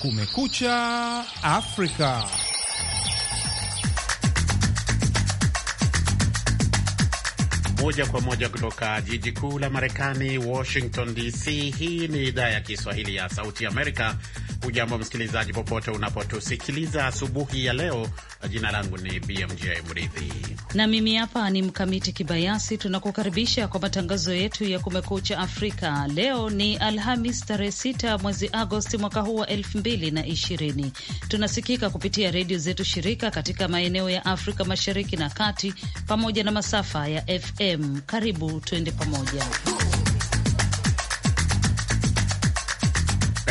Kumekucha Afrika. Moja kwa moja kutoka jiji kuu la Marekani, Washington DC. Hii ni idhaa ya Kiswahili ya Sauti Amerika Ujambo msikilizaji, popote unapotusikiliza asubuhi ya leo. Jina langu ni BMJ Mridhi na mimi hapa ni Mkamiti Kibayasi. Tunakukaribisha kwa matangazo yetu ya Kumekucha Afrika. Leo ni Alhamis, tarehe 6 mwezi Agosti mwaka huu wa 2020. Tunasikika kupitia redio zetu shirika katika maeneo ya Afrika Mashariki na Kati pamoja na masafa ya FM. Karibu tuende pamoja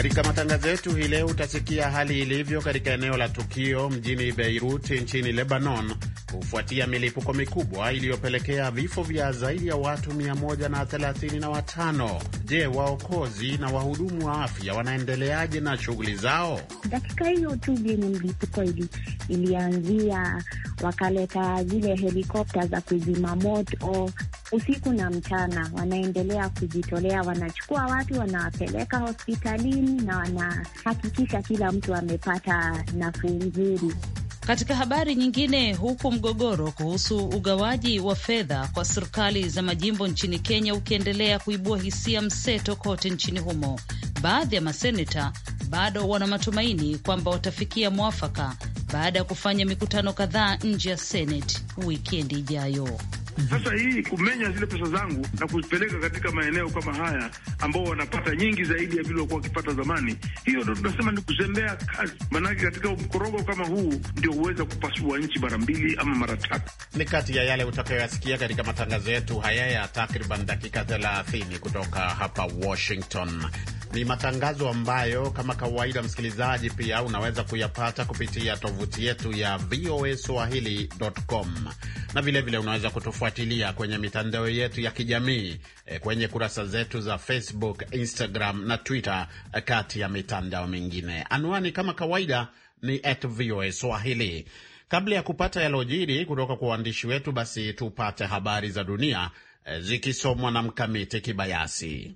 Katika matangazo yetu hii leo utasikia hali ilivyo katika eneo la tukio mjini Beirut nchini Lebanon kufuatia milipuko mikubwa iliyopelekea vifo vya zaidi ya watu 135. Je, waokozi na wahudumu wa afya wanaendeleaje na shughuli zao? Dakika hiyo tu vyenye mlipuko ili, ilianzia wakaleta zile helikopta za kuzima moto usiku na mchana, wanaendelea kujitolea, wanachukua watu wanawapeleka hospitalini na wanahakikisha kila mtu amepata nafuu nzuri. Katika habari nyingine, huku mgogoro kuhusu ugawaji wa fedha kwa serikali za majimbo nchini Kenya ukiendelea kuibua hisia mseto kote nchini humo, baadhi ya maseneta bado wana matumaini kwamba watafikia mwafaka baada ya kufanya mikutano kadhaa nje ya Seneti wikendi ijayo. Mhm. Sasa hii kumenya zile pesa zangu na kuzipeleka katika maeneo kama haya ambao wanapata nyingi zaidi ya vile walikuwa wakipata zamani, hiyo ndo tunasema ni kuzembea kazi. Maanake katika mkorogo kama huu ndio huweza kupasua nchi mara mbili ama mara tatu. Ni kati ya yale utakayoyasikia katika matangazo yetu haya ya takriban dakika thelathini kutoka hapa Washington. Ni matangazo ambayo kama kawaida, msikilizaji, pia unaweza kuyapata kupitia tovuti yetu ya voa swahili.com na vilevile vile unaweza kutufuatilia kutufuatilia kwenye mitandao yetu ya kijamii e, kwenye kurasa zetu za Facebook, Instagram na Twitter, eh, kati ya mitandao mingine. Anwani kama kawaida ni at VOA Swahili. Kabla ya kupata yalojiri kutoka kwa waandishi wetu, basi tupate habari za dunia eh, zikisomwa na Mkamiti Kibayasi.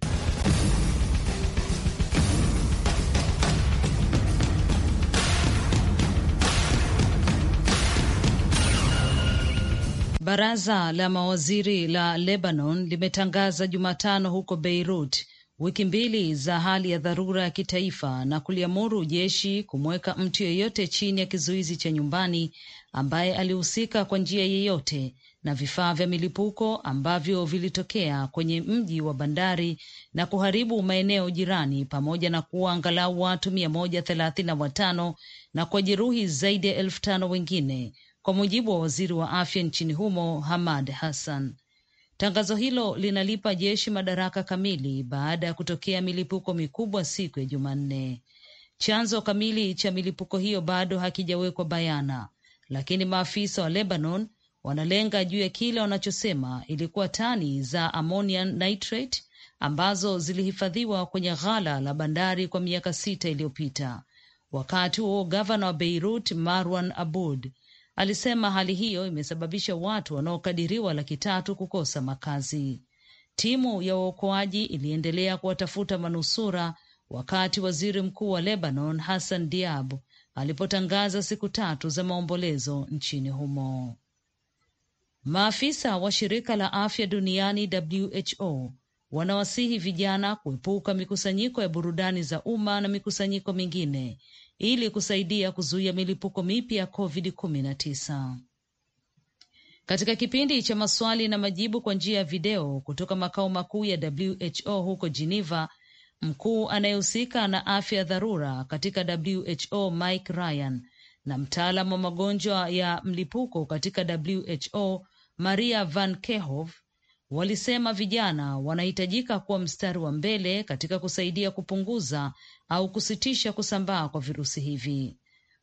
Baraza la mawaziri la Lebanon limetangaza Jumatano huko Beirut wiki mbili za hali ya dharura ya kitaifa na kuliamuru jeshi kumweka mtu yeyote chini ya kizuizi cha nyumbani ambaye alihusika kwa njia yeyote na vifaa vya milipuko ambavyo vilitokea kwenye mji wa bandari na kuharibu maeneo jirani pamoja na kuwa angalau watu mia moja thelathini na watano na zaidi ya elfu tano wengine kwa mujibu wa waziri wa afya nchini humo Hamad Hassan. Tangazo hilo linalipa jeshi madaraka kamili baada ya kutokea milipuko mikubwa siku ya Jumanne. Chanzo kamili cha milipuko hiyo bado hakijawekwa bayana, lakini maafisa wa Lebanon wanalenga juu ya kile wanachosema ilikuwa tani za ammonium nitrate ambazo zilihifadhiwa kwenye ghala la bandari kwa miaka sita iliyopita. Wakati huo gavana wa Beirut Marwan Abud alisema hali hiyo imesababisha watu wanaokadiriwa laki tatu kukosa makazi. Timu ya uokoaji iliendelea kuwatafuta manusura wakati waziri mkuu wa Lebanon Hassan Diab alipotangaza siku tatu za maombolezo nchini humo. Maafisa wa shirika la afya duniani WHO wanawasihi vijana kuepuka mikusanyiko ya burudani za umma na mikusanyiko mingine ili kusaidia kuzuia milipuko mipya ya COVID-19. Katika kipindi cha maswali na majibu kwa njia ya video kutoka makao makuu ya WHO huko Geneva, mkuu anayehusika na afya ya dharura katika WHO Mike Ryan na mtaalamu wa magonjwa ya mlipuko katika WHO Maria Van Kerkhove walisema vijana wanahitajika kuwa mstari wa mbele katika kusaidia kupunguza au kusitisha kusambaa kwa virusi hivi.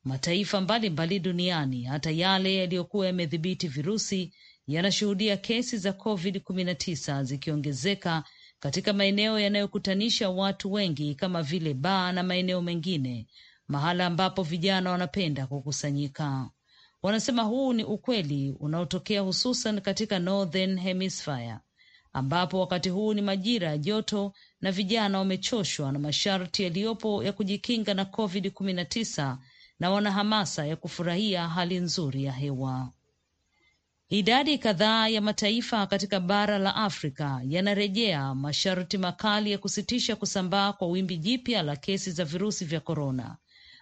Mataifa mbalimbali mbali duniani, hata yale yaliyokuwa yamedhibiti virusi, yanashuhudia kesi za COVID-19 zikiongezeka katika maeneo yanayokutanisha watu wengi kama vile baa na maeneo mengine, mahala ambapo vijana wanapenda kukusanyika. Wanasema huu ni ukweli unaotokea hususan katika Northern Hemisphere ambapo wakati huu ni majira ya joto na vijana wamechoshwa na masharti yaliyopo ya kujikinga na COVID-19 na wana hamasa ya kufurahia hali nzuri ya hewa. Idadi kadhaa ya mataifa katika bara la Afrika yanarejea masharti makali ya kusitisha kusambaa kwa wimbi jipya la kesi za virusi vya korona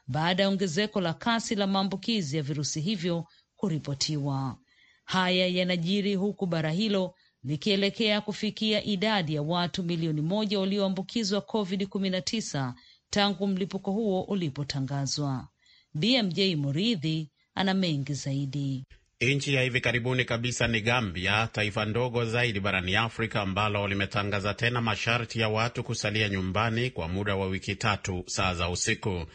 baada ya ongezeko la kasi la maambukizi ya virusi hivyo kuripotiwa. Haya yanajiri huku bara hilo likielekea kufikia idadi ya watu milioni moja walioambukizwa COVID-19 tangu mlipuko huo ulipotangazwa. BMJ Muridhi ana mengi zaidi. Nchi ya hivi karibuni kabisa ni Gambia, taifa ndogo zaidi barani Afrika ambalo limetangaza tena masharti ya watu kusalia nyumbani kwa muda wa wiki tatu saa za usiku.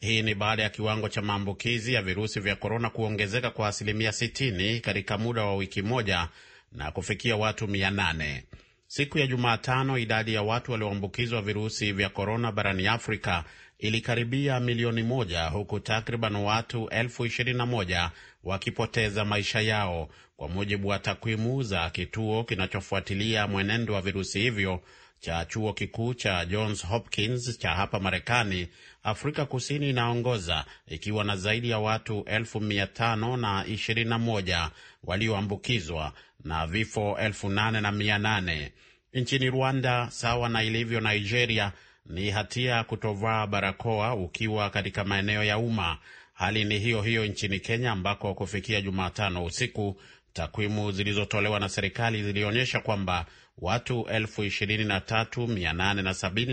Hii ni baada ya kiwango cha maambukizi ya virusi vya korona kuongezeka kwa asilimia 60 katika muda wa wiki moja na kufikia watu 800. Siku ya Jumatano, idadi ya watu walioambukizwa virusi vya korona barani Afrika ilikaribia milioni moja huku takriban watu elfu ishirini na moja wakipoteza maisha yao, kwa mujibu wa takwimu za kituo kinachofuatilia mwenendo wa virusi hivyo cha chuo kikuu cha Johns Hopkins cha hapa Marekani, Afrika Kusini inaongoza ikiwa na zaidi ya watu elfu mia tano na ishirini na moja walioambukizwa na vifo elfu nane na mia nane. Nchini Rwanda, sawa na ilivyo Nigeria, ni hatia kutovaa barakoa ukiwa katika maeneo ya umma. Hali ni hiyo hiyo nchini Kenya ambako kufikia Jumatano usiku takwimu zilizotolewa na serikali zilionyesha kwamba watu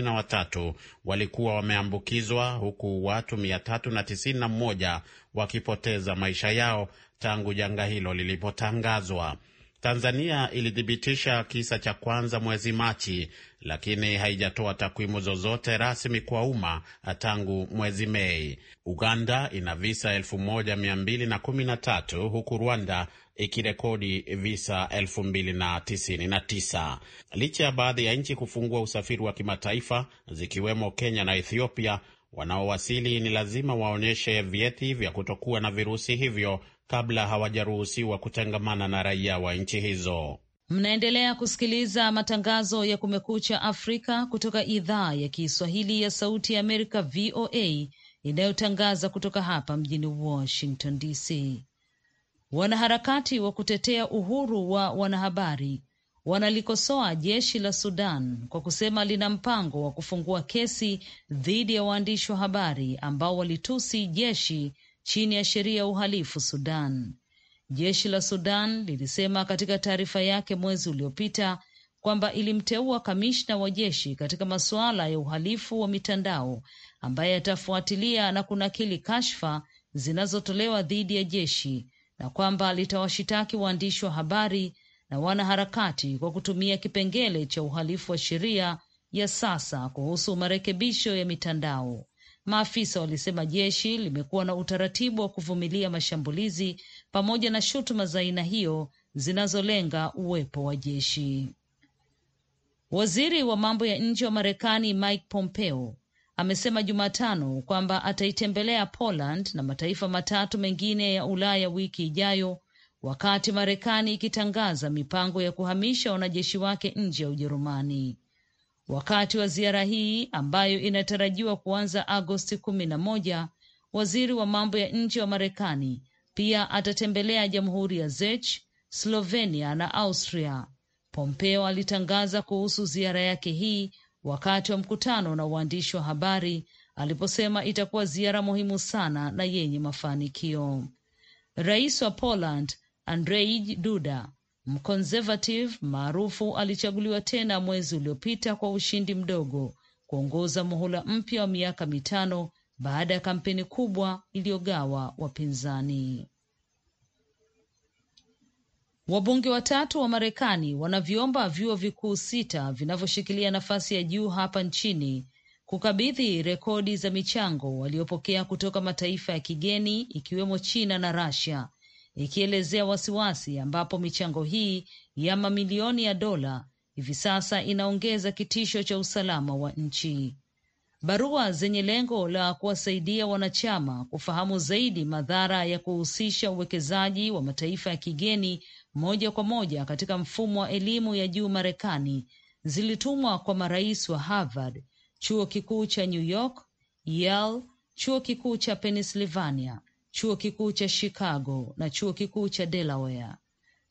watatu walikuwa wameambukizwa huku watu 391 wakipoteza maisha yao tangu janga hilo lilipotangazwa. Tanzania ilithibitisha kisa cha kwanza mwezi Machi lakini haijatoa takwimu zozote rasmi kwa umma tangu mwezi Mei. Uganda ina visa 1213 huku Rwanda ikirekodi visa 2099. Licha ya baadhi ya nchi kufungua usafiri wa kimataifa zikiwemo Kenya na Ethiopia, wanaowasili ni lazima waonyeshe vyeti vya kutokuwa na virusi hivyo kabla hawajaruhusiwa kutangamana na raia wa nchi hizo. Mnaendelea kusikiliza matangazo ya Kumekucha Afrika kutoka idhaa ya Kiswahili ya Sauti ya Amerika, VOA, inayotangaza kutoka hapa mjini Washington DC. Wanaharakati wa kutetea uhuru wa wanahabari wanalikosoa jeshi la Sudan kwa kusema lina mpango wa kufungua kesi dhidi ya waandishi wa habari ambao walitusi jeshi chini ya sheria ya uhalifu Sudan. Jeshi la Sudan lilisema katika taarifa yake mwezi uliopita kwamba ilimteua kamishna wa jeshi katika masuala ya uhalifu wa mitandao ambaye atafuatilia na kunakili kashfa zinazotolewa dhidi ya jeshi na kwamba litawashitaki waandishi wa habari na wanaharakati kwa kutumia kipengele cha uhalifu wa sheria ya sasa kuhusu marekebisho ya mitandao. Maafisa walisema jeshi limekuwa na utaratibu wa kuvumilia mashambulizi pamoja na shutuma za aina hiyo zinazolenga uwepo wa jeshi. Waziri wa mambo ya nje wa Marekani Mike Pompeo amesema Jumatano kwamba ataitembelea Poland na mataifa matatu mengine ya Ulaya wiki ijayo, wakati Marekani ikitangaza mipango ya kuhamisha wanajeshi wake nje ya Ujerumani. Wakati wa ziara hii ambayo inatarajiwa kuanza Agosti kumi na moja, waziri wa mambo ya nje wa Marekani pia atatembelea jamhuri ya Czech, Slovenia na Austria. Pompeo alitangaza kuhusu ziara yake hii wakati wa mkutano na waandishi wa habari aliposema itakuwa ziara muhimu sana na yenye mafanikio. Rais wa Poland Andrzej Duda, mkonservative maarufu, alichaguliwa tena mwezi uliopita kwa ushindi mdogo kuongoza muhula mpya wa miaka mitano baada ya kampeni kubwa iliyogawa wapinzani. Wabunge watatu wa Marekani wanavyomba vyuo vikuu sita vinavyoshikilia nafasi ya juu hapa nchini kukabidhi rekodi za michango waliopokea kutoka mataifa ya kigeni ikiwemo China na Rasia, ikielezea wasiwasi ambapo michango hii ya mamilioni ya dola hivi sasa inaongeza kitisho cha usalama wa nchi barua zenye lengo la kuwasaidia wanachama kufahamu zaidi madhara ya kuhusisha uwekezaji wa mataifa ya kigeni moja kwa moja katika mfumo wa elimu ya juu Marekani zilitumwa kwa marais wa Harvard, chuo kikuu cha New York, Yale, chuo kikuu cha Pennsylvania, chuo kikuu cha Chicago na chuo kikuu cha Delaware.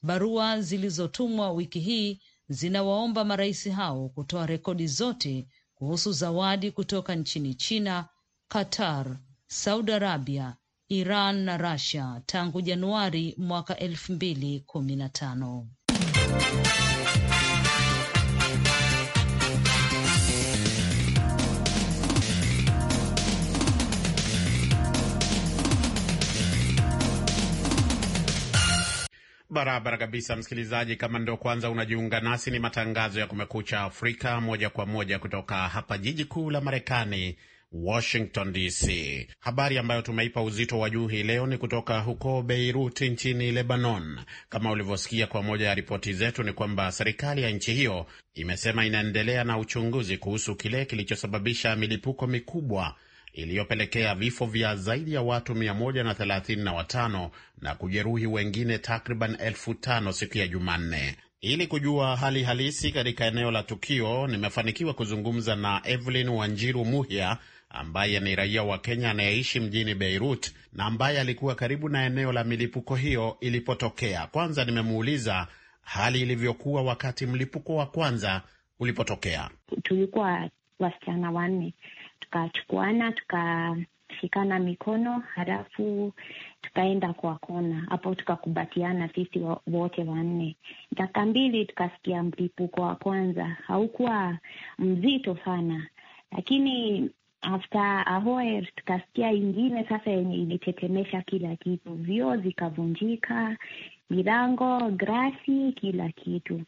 Barua zilizotumwa wiki hii zinawaomba marais hao kutoa rekodi zote kuhusu zawadi kutoka nchini China, Qatar, Saudi Arabia, Iran na Russia tangu Januari mwaka elfu mbili kumi na tano. Barabara kabisa, msikilizaji. Kama ndio kwanza unajiunga nasi, ni matangazo ya Kumekucha Afrika moja kwa moja kutoka hapa jiji kuu la Marekani, Washington DC. Habari ambayo tumeipa uzito wa juu hii leo ni kutoka huko Beirut nchini Lebanon. Kama ulivyosikia kwa moja ya ripoti zetu, ni kwamba serikali ya nchi hiyo imesema inaendelea na uchunguzi kuhusu kile kilichosababisha milipuko mikubwa iliyopelekea vifo vya zaidi ya watu 135 na, na kujeruhi wengine takriban elfu tano siku ya Jumanne. Ili kujua hali halisi katika eneo la tukio, nimefanikiwa kuzungumza na Evelyn Wanjiru Muhia ambaye ni raia wa Kenya anayeishi mjini Beirut na ambaye alikuwa karibu na eneo la milipuko hiyo ilipotokea. Kwanza nimemuuliza hali ilivyokuwa wakati mlipuko wa kwanza ulipotokea. Tulikuwa wasichana wanne tukachukuana, tukashikana mikono, halafu tukaenda kwa kona hapo, tukakubatiana sisi wote wanne. Dakika mbili tukasikia mlipuko wa kwanza, haukuwa mzito sana, lakini after a while tukasikia ingine sasa, yenye ilitetemesha kila kitu, vyoo zikavunjika, milango, grasi, kila kitu.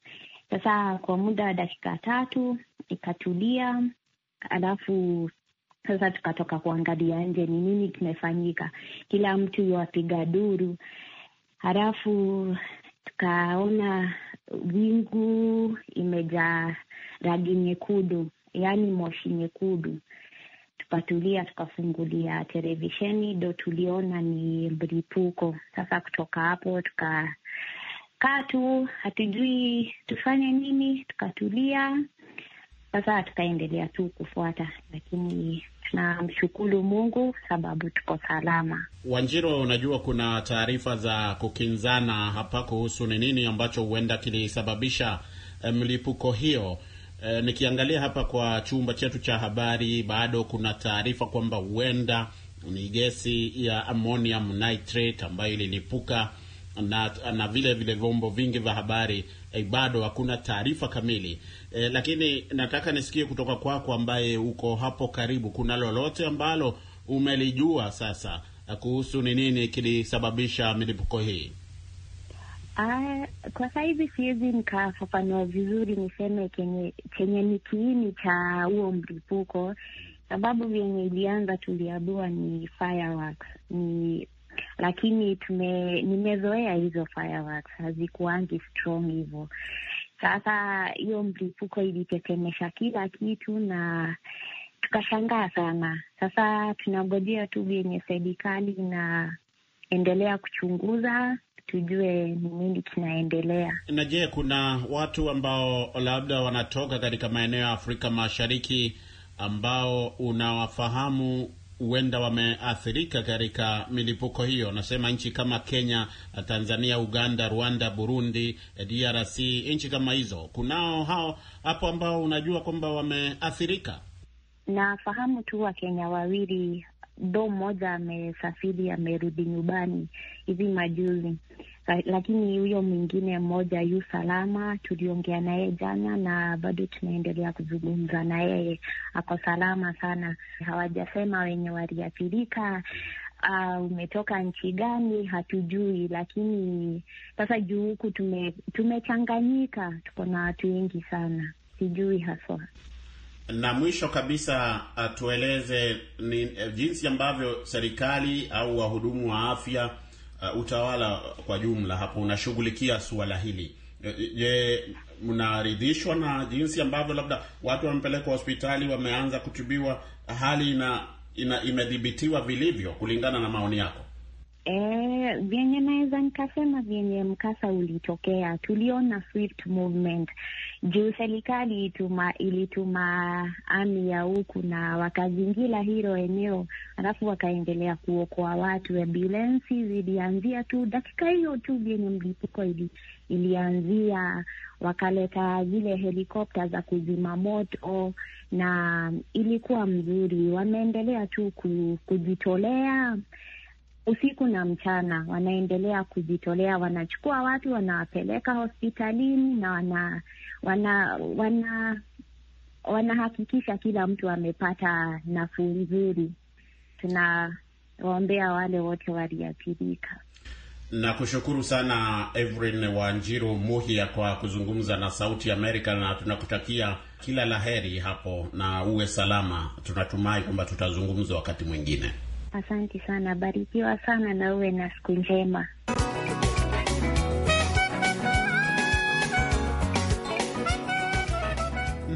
Sasa kwa muda wa dakika tatu ikatulia, alafu sasa tukatoka kuangalia nje ni nini kimefanyika, kila mtu yuwapiga duru, halafu tukaona wingu imejaa rangi nyekundu, yaani moshi nyekundu. Tukatulia, tukafungulia televisheni, ndo tuliona ni mlipuko. Sasa kutoka hapo tukakaa tu, hatujui tufanye nini, tukatulia. Sasa tukaendelea tu kufuata, lakini tunamshukuru Mungu sababu tuko salama. Wanjiro, unajua kuna taarifa za kukinzana hapa kuhusu ni nini ambacho huenda kilisababisha eh, mlipuko hiyo. E, nikiangalia hapa kwa chumba chetu cha habari bado kuna taarifa kwamba huenda ni gesi ya ammonium nitrate ambayo ililipuka na, na vile vile vyombo vingi vya habari eh, bado hakuna taarifa kamili eh, lakini nataka nisikie kutoka kwako ambaye uko hapo karibu, kuna lolote ambalo umelijua sasa eh, kuhusu ni nini kilisababisha milipuko hii? Aa, ah, kwa sasa siwezi nikafafanua vizuri niseme kenye, chenye ni kiini cha huo mlipuko, sababu vyenye ilianza tuliambiwa ni fireworks, ni lakini tume- nimezoea hizo fireworks hazikuangi strong hivyo. Sasa hiyo mlipuko ilitetemesha kila kitu na tukashangaa sana. Sasa tunangojea tu vyenye serikali inaendelea kuchunguza tujue ni nini kinaendelea. Na je, kuna watu ambao labda wanatoka katika maeneo ya Afrika Mashariki ambao unawafahamu huenda wameathirika katika milipuko hiyo. Nasema nchi kama Kenya, eh, Tanzania, Uganda, Rwanda, Burundi, eh, DRC, nchi kama hizo, kunao hao hapo ambao unajua kwamba wameathirika. Nafahamu tu Wakenya wawili, do mmoja amesafiri amerudi nyumbani hivi majuzi lakini huyo mwingine mmoja yu salama. Tuliongea naye jana na bado tunaendelea kuzungumza na yeye, ako salama sana. Hawajasema wenye waliathirika Uh, umetoka nchi gani hatujui, lakini sasa juu huku tume, tumechanganyika, tuko na watu wengi sana, sijui haswa. Na mwisho kabisa, uh, tueleze ni eh, jinsi ambavyo serikali au wahudumu wa afya uh, utawala kwa jumla hapo unashughulikia suala hili. Je, mnaridhishwa na jinsi ambavyo labda watu wamepelekwa hospitali wameanza kutibiwa, hali ina, ina imedhibitiwa vilivyo kulingana na maoni yako? E, eh, vyenye naweza nikasema vyenye mkasa ulitokea, tuliona swift movement juu serikali ilituma, ilituma ami ya huku na wakazingira hilo eneo, alafu wakaendelea kuokoa watu. Ambulensi zilianzia tu dakika hiyo tu vyenye mlipuko ili, ilianzia wakaleta zile helikopta za kuzima moto na ilikuwa mzuri. Wameendelea tu kujitolea usiku na mchana, wanaendelea kujitolea, wanachukua watu wanawapeleka hospitalini na wana wana wana wanahakikisha kila mtu amepata nafuu nzuri. Tunawaombea wale wote waliathirika. Nakushukuru sana Evelyn Wanjiru Muhia kwa kuzungumza na Sauti Amerika, na tunakutakia kila laheri hapo na uwe salama. Tunatumai kwamba tutazungumza wakati mwingine. Asante sana, barikiwa sana na uwe na siku njema.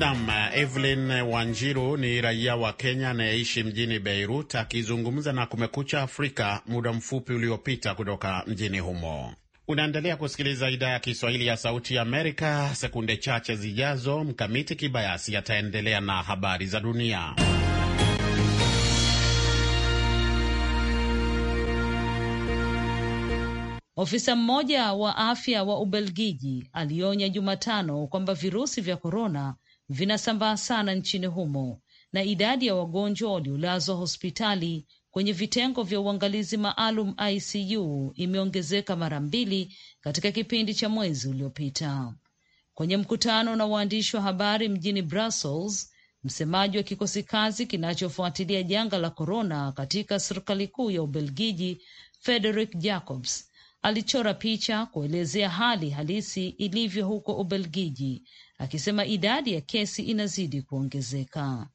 Nam eh, Evelyn Wanjiru ni raia wa Kenya anayeishi mjini Beirut akizungumza na Kumekucha Afrika muda mfupi uliopita kutoka mjini humo. Unaendelea kusikiliza idhaa ya Kiswahili ya Sauti ya Amerika. Sekunde chache zijazo, Mkamiti Kibayasi ataendelea na habari za dunia. Ofisa mmoja wa afya wa Ubelgiji alionya Jumatano kwamba virusi vya korona vinasambaa sana nchini humo na idadi ya wagonjwa waliolazwa hospitali kwenye vitengo vya uangalizi maalum ICU imeongezeka mara mbili katika kipindi cha mwezi uliopita. Kwenye mkutano na waandishi wa habari mjini Brussels, msemaji wa kikosi kazi kinachofuatilia janga la korona katika serikali kuu ya Ubelgiji, Frederic Jacobs, alichora picha kuelezea hali halisi ilivyo huko Ubelgiji, akisema idadi ya kesi inazidi kuongezeka.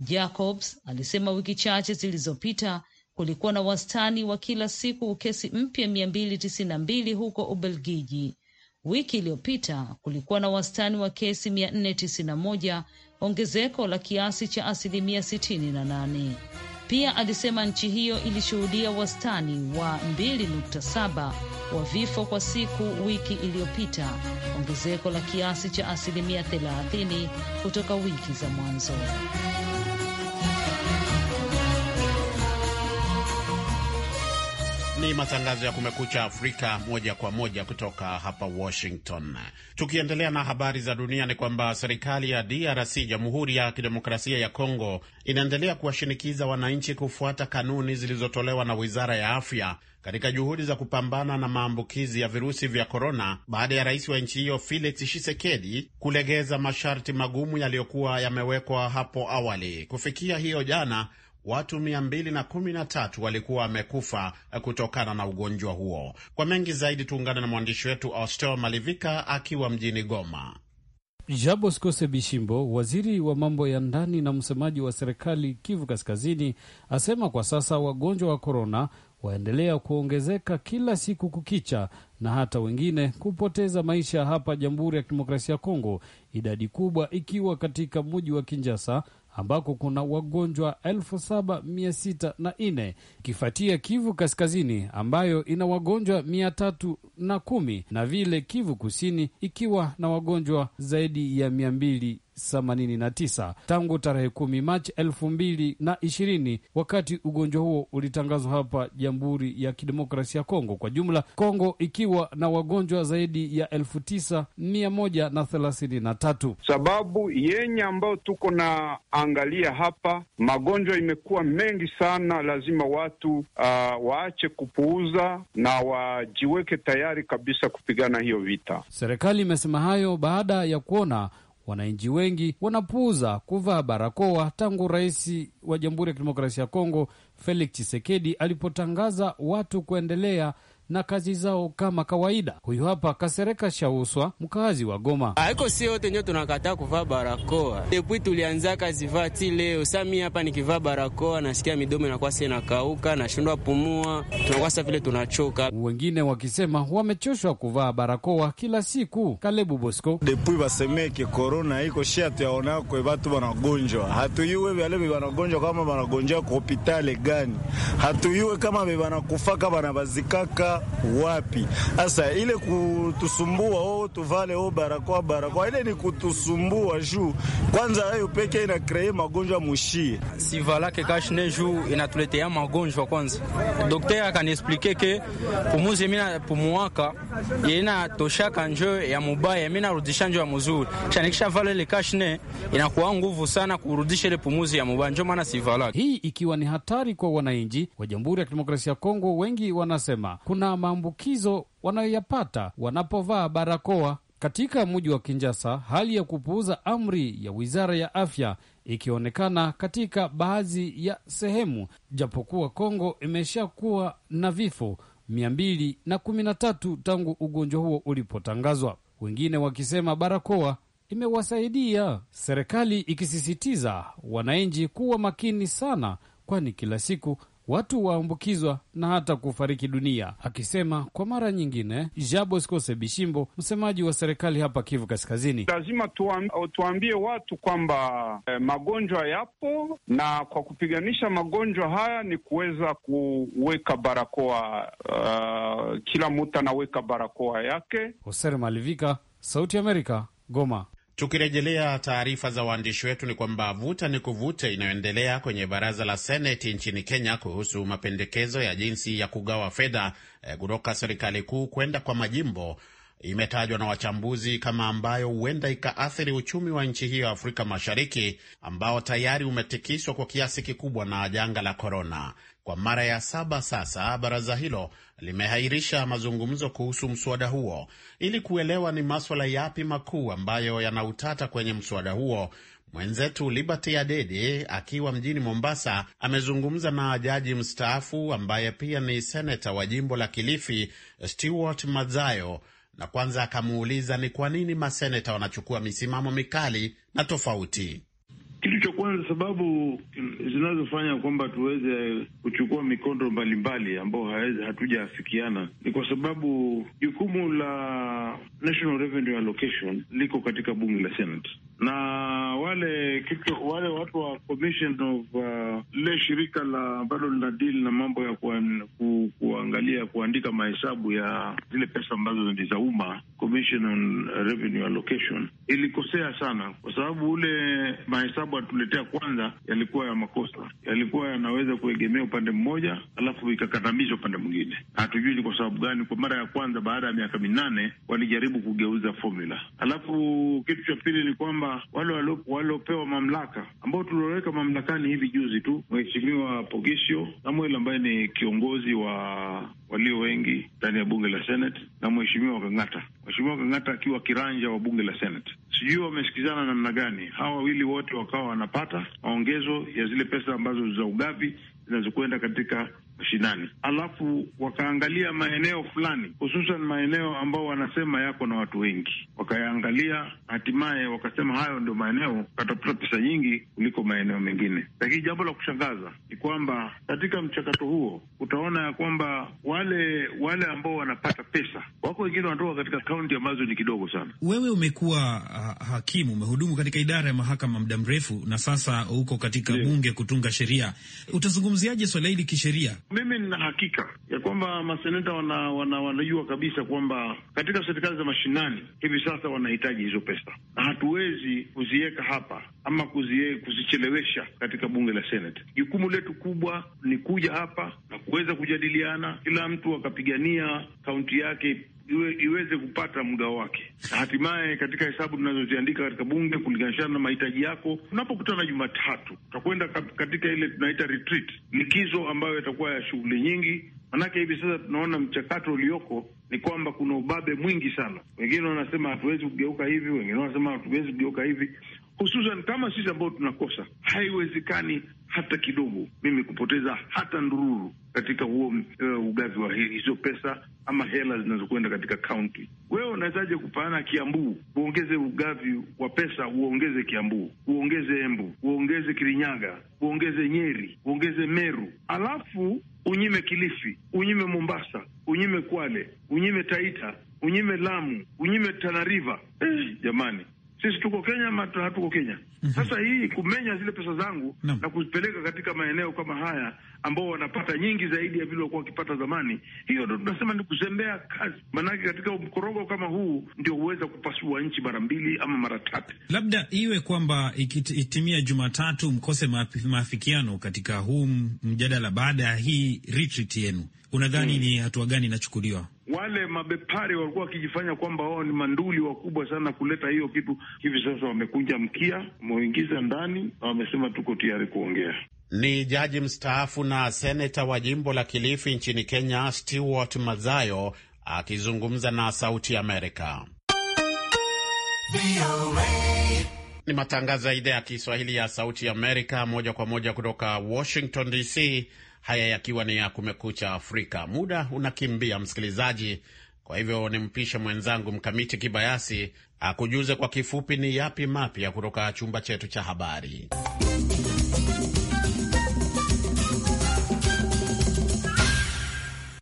Jacobs alisema wiki chache zilizopita kulikuwa na wastani wa kila siku kesi mpya 292 huko Ubelgiji. Wiki iliyopita kulikuwa na wastani wa kesi 491, ongezeko la kiasi cha asilimia 68. Pia alisema nchi hiyo ilishuhudia wastani wa 2.7 wa vifo kwa siku wiki iliyopita, ongezeko la kiasi cha asilimia 30 kutoka wiki za mwanzo. Ni matangazo ya Kumekucha Afrika moja kwa moja kutoka hapa Washington. Tukiendelea na habari za dunia, ni kwamba serikali ya DRC, Jamhuri ya Kidemokrasia ya Kongo, inaendelea kuwashinikiza wananchi kufuata kanuni zilizotolewa na Wizara ya Afya katika juhudi za kupambana na maambukizi ya virusi vya korona baada ya rais wa nchi hiyo Felix Tshisekedi kulegeza masharti magumu yaliyokuwa yamewekwa hapo awali. Kufikia hiyo jana watu 213 walikuwa wamekufa eh, kutokana na ugonjwa huo. Kwa mengi zaidi, tuungane na mwandishi wetu Austel Malivika akiwa mjini Goma. Jabo skose Bishimbo, waziri wa mambo ya ndani na msemaji wa serikali Kivu Kaskazini, asema kwa sasa wagonjwa wa korona waendelea kuongezeka kila siku kukicha na hata wengine kupoteza maisha hapa Jamhuri ya Kidemokrasia ya Kongo, idadi kubwa ikiwa katika mji wa kinjasa ambako kuna wagonjwa elfu saba mia sita na nne Kivu Kaskazini ambayo ina wagonjwa mia tatu na kumi na vile Kivu Kusini ikiwa na wagonjwa zaidi ya mia mbili 89 tangu tarehe kumi Machi 2020 na ishirini wakati ugonjwa huo ulitangazwa hapa Jamhuri ya Kidemokrasia ya Kongo. Kwa jumla Kongo ikiwa na wagonjwa zaidi ya elfu tisa mia moja na na tatu. Sababu yenye ambayo tuko na angalia hapa, magonjwa imekuwa mengi sana, lazima watu uh, waache kupuuza na wajiweke tayari kabisa kupigana hiyo vita. Serikali imesema hayo baada ya kuona wananchi wengi wanapuuza kuvaa barakoa tangu rais wa Jamhuri ya Kidemokrasia ya Kongo Felix Tshisekedi alipotangaza watu kuendelea na kazi zao kama kawaida. Huyu hapa Kasereka Shauswa, mkazi wa Goma. Haiko sio yote ndio tunakataa kuvaa barakoa depui tulianza kazi vati leo sami hapa, nikivaa barakoa nasikia midomo inakuwa si inakauka, nashindwa pumua, tunakuwa sa vile tunachoka. Wengine wakisema wamechoshwa kuvaa barakoa kila siku. Kalebu Bosco depui basemeke korona iko shia, tuyaonakwe vatu wanagonjwa, hatuyuwe vyale vevanagonjwa kama vanagonjea kwa hopitale gani, hatuyuwe kama vevanakufaka vanavazikaka wapi? Sasa ile kutusumbua oh, tuvale oh, barakoa barakoa, ile ni kutusumbua juu kwanza hayo peke ina kree magonjwa mushie sivalake kashne juu inatuletea magonjwa kwanza. Dokter akaniexplike ke pumuzi mina pumuaka inatoshaka njo ya mubaya mina rudisha njo ya muzuri shanikisha vale ile kashne inakuwa nguvu sana kurudisha ile pumuzi ya mubaya, njo maana sivalake hii ikiwa ni hatari kwa wananchi wa Jamhuri ya Kidemokrasia ya Kongo. Wengi wanasema kuna na maambukizo wanayoyapata wanapovaa barakoa. Katika mji wa kinjasa hali ya kupuuza amri ya wizara ya afya ikionekana katika baadhi ya sehemu, japokuwa Kongo imeshakuwa na vifo 213 tangu ugonjwa huo ulipotangazwa, wengine wakisema barakoa imewasaidia, serikali ikisisitiza wananchi kuwa makini sana, kwani kila siku watu waambukizwa na hata kufariki dunia. Akisema kwa mara nyingine, Jabo Sikose Bishimbo, msemaji wa serikali hapa Kivu Kaskazini: lazima tuambie watu kwamba eh, magonjwa yapo, na kwa kupiganisha magonjwa haya ni kuweza kuweka barakoa. Uh, kila mtu anaweka barakoa yake. Hoser Malivika, Sauti ya Amerika, Goma. Tukirejelea taarifa za waandishi wetu ni kwamba vuta ni kuvute inayoendelea kwenye baraza la seneti nchini Kenya kuhusu mapendekezo ya jinsi ya kugawa fedha eh, kutoka serikali kuu kwenda kwa majimbo imetajwa na wachambuzi kama ambayo huenda ikaathiri uchumi wa nchi hiyo Afrika Mashariki ambao tayari umetikiswa kwa kiasi kikubwa na janga la korona. Kwa mara ya saba sasa, baraza hilo limehairisha mazungumzo kuhusu mswada huo ili kuelewa ni maswala yapi makuu ambayo yanautata kwenye mswada huo. Mwenzetu Liberty Adede akiwa mjini Mombasa amezungumza na jaji mstaafu ambaye pia ni seneta wa jimbo la Kilifi, Stewart Mazayo na kwanza akamuuliza ni kwa nini maseneta wanachukua misimamo mikali na tofauti. Kitu cha kwanza, sababu zinazofanya kwamba tuweze kuchukua mikondo mbalimbali ambayo hatujafikiana ni kwa sababu jukumu la National Revenue Allocation liko katika bunge la Senate na wale kitu, wale watu wa commission of uh, lile uh, shirika la ambalo lina deal na mambo ya kuan, ku, kuangalia kuandika mahesabu ya zile pesa ambazo ni za umma, commission on revenue allocation ilikosea sana, kwa sababu ule mahesabu sababu atuletea kwanza yalikuwa ya makosa, yalikuwa yanaweza kuegemea upande mmoja, alafu ikakandamizwa upande mwingine. Hatujui ni kwa sababu gani. Kwa mara ya kwanza baada ya miaka minane walijaribu kugeuza formula. Alafu kitu cha pili ni kwamba wale waliopewa mamlaka ambao tulioweka mamlakani hivi juzi tu, mheshimiwa Pogisho Samuel ambaye ni kiongozi wa walio wengi ndani ya bunge la Senate na mheshimiwa Kang'ata, mheshimiwa Kang'ata akiwa kiranja wa bunge la Senate, sijui wamesikizana namna gani hawa wawili wote waka ambao wanapata maongezo ya zile pesa ambazo za ugavi zinazokwenda katika mashinani, alafu wakaangalia maeneo fulani, hususan maeneo ambao wanasema yako na watu wengi, wakayaangalia, hatimaye wakasema hayo ndio maeneo watapata pesa nyingi kuliko maeneo mengine. Lakini jambo la kushangaza ni kwamba katika mchakato huo utaona ya kwamba wale wale ambao wanapata pesa wako wengine wanatoka katika kaunti ambazo ni kidogo sana. Wewe umekuwa ah, hakimu, umehudumu katika idara ya mahakama muda mrefu na sasa uko katika yeah, bunge kutunga sheria. Utazungumziaje swala hili kisheria? Mimi nina hakika ya kwamba maseneta wanajua wana, wana kabisa kwamba katika serikali za mashinani hivi sasa wanahitaji hizo pesa na hatuwezi kuziweka hapa ama kuzie, kuzichelewesha katika bunge la Senate. Jukumu letu kubwa ni kuja hapa na kuweza kujadiliana, kila mtu akapigania kaunti yake iwe, iweze kupata mgao wake, na hatimaye katika hesabu tunazoziandika katika bunge kulinganishana na mahitaji yako. Tunapokutana Jumatatu tutakwenda katika ile tunaita retreat, likizo ambayo itakuwa ya shughuli nyingi, manake hivi sasa tunaona mchakato ulioko ni kwamba kuna ubabe mwingi sana. Wengine wanasema hatuwezi kugeuka hivi, wengine wanasema hatuwezi kugeuka hivi, hususan kama sisi ambao tunakosa. Haiwezekani hata kidogo mimi kupoteza hata ndururu katika huo uh, ugavi wa hizo pesa ama hela zinazokwenda katika kaunti. Wewe unawezaje kupaana Kiambu uongeze ugavi wa pesa, uongeze Kiambu, uongeze Embu, uongeze Kirinyaga, uongeze Nyeri, uongeze Meru, alafu unyime Kilifi, unyime Mombasa, unyime Kwale, unyime Taita, unyime Lamu, unyime Tanariva. Eh, jamani sisi tuko Kenya ama hatuko Kenya? mm -hmm. Sasa hii kumenya zile pesa zangu no. na kuzipeleka katika maeneo kama haya ambao wanapata nyingi zaidi ya vile walikuwa wakipata zamani, hiyo ndo tunasema ni kuzembea kazi, maanake katika mkorogo kama huu ndio huweza kupasua nchi mara mbili ama mara tatu, labda iwe kwamba ikitimia Jumatatu mkose maafikiano katika huu mjadala baada ya hii retreat yenu, unadhani hmm. ni hatua gani inachukuliwa? wale mabepari walikuwa wakijifanya kwamba wao ni manduli wakubwa sana kuleta hiyo kitu. Hivi sasa wamekunja mkia, wameingiza ndani na wamesema tuko tayari kuongea. Ni jaji mstaafu na seneta wa jimbo la Kilifi nchini Kenya, Stewart Mazayo akizungumza na Sauti Amerika. Ni matangazo ya idhaa ya Kiswahili ya Sauti Amerika, moja kwa moja kutoka Washington DC haya yakiwa ni ya Kumekucha Afrika. Muda unakimbia, msikilizaji, kwa hivyo nimpishe mwenzangu Mkamiti Kibayasi akujuze kwa kifupi ni yapi mapya kutoka chumba chetu cha habari.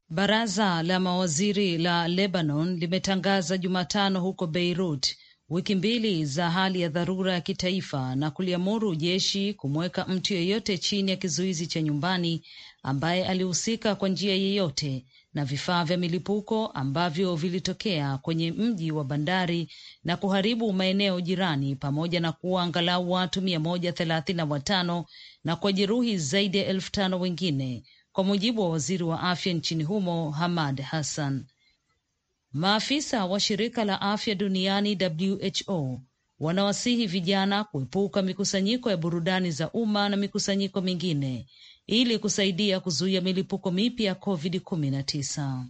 Baraza la mawaziri la Lebanon limetangaza Jumatano huko Beirut wiki mbili za hali ya dharura ya kitaifa na kuliamuru jeshi kumweka mtu yeyote chini ya kizuizi cha nyumbani ambaye alihusika kwa njia yeyote na vifaa vya milipuko ambavyo vilitokea kwenye mji wa bandari na kuharibu maeneo jirani pamoja na kuwa angalau watu mia moja thelathini na watano na zaidi ya elfu tano wengine kwa mujibu wa waziri wa afya nchini humo Hamad Hassan. Maafisa wa shirika la afya duniani WHO wanawasihi vijana kuepuka mikusanyiko ya burudani za umma na mikusanyiko mingine ili kusaidia kuzuia milipuko mipya ya COVID-19.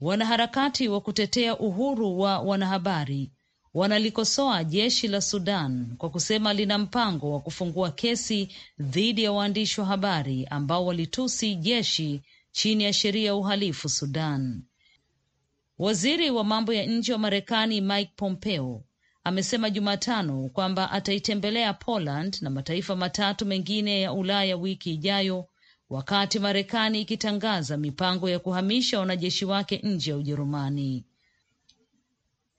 Wanaharakati wa kutetea uhuru wa wanahabari wanalikosoa jeshi la Sudan kwa kusema lina mpango wa kufungua kesi dhidi ya waandishi wa habari ambao walitusi jeshi chini ya sheria ya uhalifu Sudan. Waziri wa mambo ya nje wa Marekani Mike Pompeo amesema Jumatano kwamba ataitembelea Poland na mataifa matatu mengine ya Ulaya wiki ijayo, wakati Marekani ikitangaza mipango ya kuhamisha wanajeshi wake nje ya Ujerumani.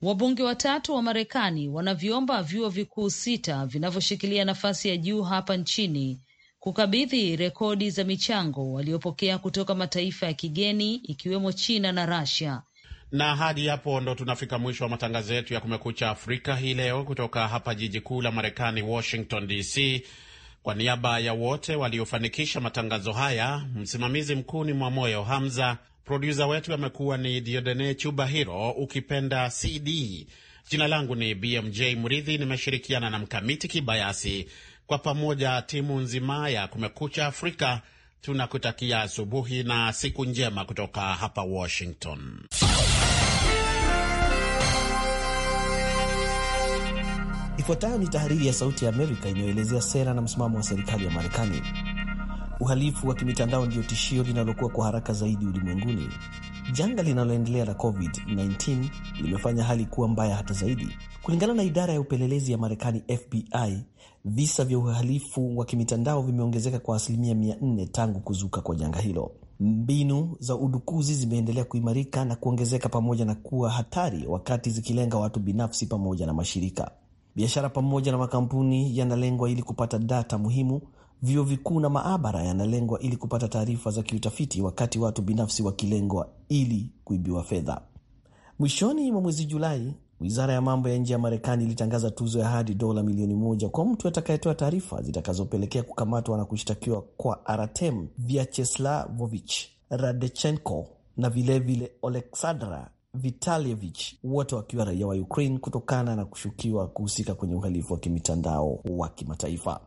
Wabunge watatu wa Marekani wanavyomba vyuo vikuu sita vinavyoshikilia nafasi ya juu hapa nchini kukabidhi rekodi za michango waliopokea kutoka mataifa ya kigeni ikiwemo China na Russia na hadi hapo ndo tunafika mwisho wa matangazo yetu ya Kumekucha Afrika hii leo kutoka hapa jiji kuu la Marekani, Washington DC. Kwa niaba ya wote waliofanikisha matangazo haya, msimamizi mkuu ni Mwamoyo Hamza, produsa wetu amekuwa ni Diodene Chubahiro, ukipenda CD. Jina langu ni BMJ Mridhi, nimeshirikiana na Mkamiti Kibayasi. Kwa pamoja timu nzima ya Kumekucha Afrika tunakutakia asubuhi na siku njema kutoka hapa Washington. Ifuatayo ni tahariri ya Sauti ya Amerika inayoelezea sera na msimamo wa serikali ya Marekani. Uhalifu wa kimitandao ndiyo tishio linalokuwa kwa haraka zaidi ulimwenguni. Janga linaloendelea la COVID-19 limefanya hali kuwa mbaya hata zaidi. Kulingana na idara ya upelelezi ya Marekani, FBI, visa vya uhalifu wa kimitandao vimeongezeka kwa asilimia 400 tangu kuzuka kwa janga hilo. Mbinu za udukuzi zimeendelea kuimarika na kuongezeka pamoja na kuwa hatari, wakati zikilenga watu binafsi pamoja na mashirika. Biashara pamoja na makampuni yanalengwa ili kupata data muhimu. Vyuo vikuu na maabara yanalengwa ili kupata taarifa za kiutafiti, wakati watu binafsi wakilengwa ili kuibiwa fedha. Mwishoni mwa mwezi Julai, wizara ya mambo ya nje ya Marekani ilitangaza tuzo ya hadi dola milioni moja kwa mtu atakayetoa taarifa zitakazopelekea kukamatwa na kushtakiwa kwa aratem Vyacheslavovich Radechenko na vilevile Oleksandra Vitalievich, wote wakiwa raia wa Ukraine kutokana na kushukiwa kuhusika kwenye uhalifu wa kimitandao wa kimataifa.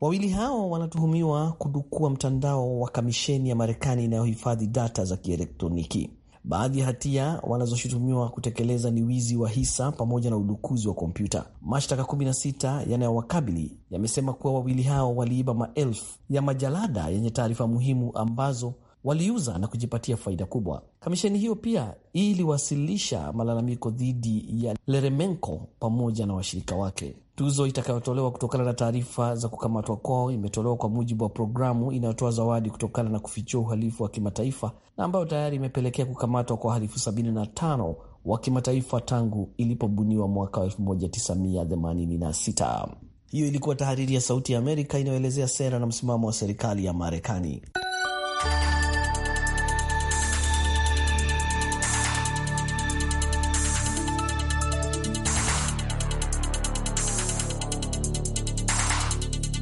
Wawili hao wanatuhumiwa kudukua mtandao wa kamisheni ya Marekani inayohifadhi data za kielektroniki. Baadhi ya hatia wanazoshutumiwa kutekeleza ni wizi wa hisa pamoja na udukuzi wa kompyuta. Mashtaka 16 yanayowakabili yamesema kuwa wawili hao waliiba maelfu ya majalada yenye taarifa muhimu ambazo waliuza na kujipatia faida kubwa. Kamisheni hiyo pia iliwasilisha malalamiko dhidi ya Leremenko pamoja na washirika wake. Tuzo itakayotolewa kutokana na taarifa za kukamatwa kwao imetolewa kwa mujibu wa programu inayotoa zawadi kutokana na kufichua uhalifu wa kimataifa na ambayo tayari imepelekea kukamatwa kwa wahalifu 75 wa kimataifa tangu ilipobuniwa mwaka 1986. Hiyo ilikuwa tahariri ya Sauti ya Amerika inayoelezea sera na msimamo wa serikali ya Marekani.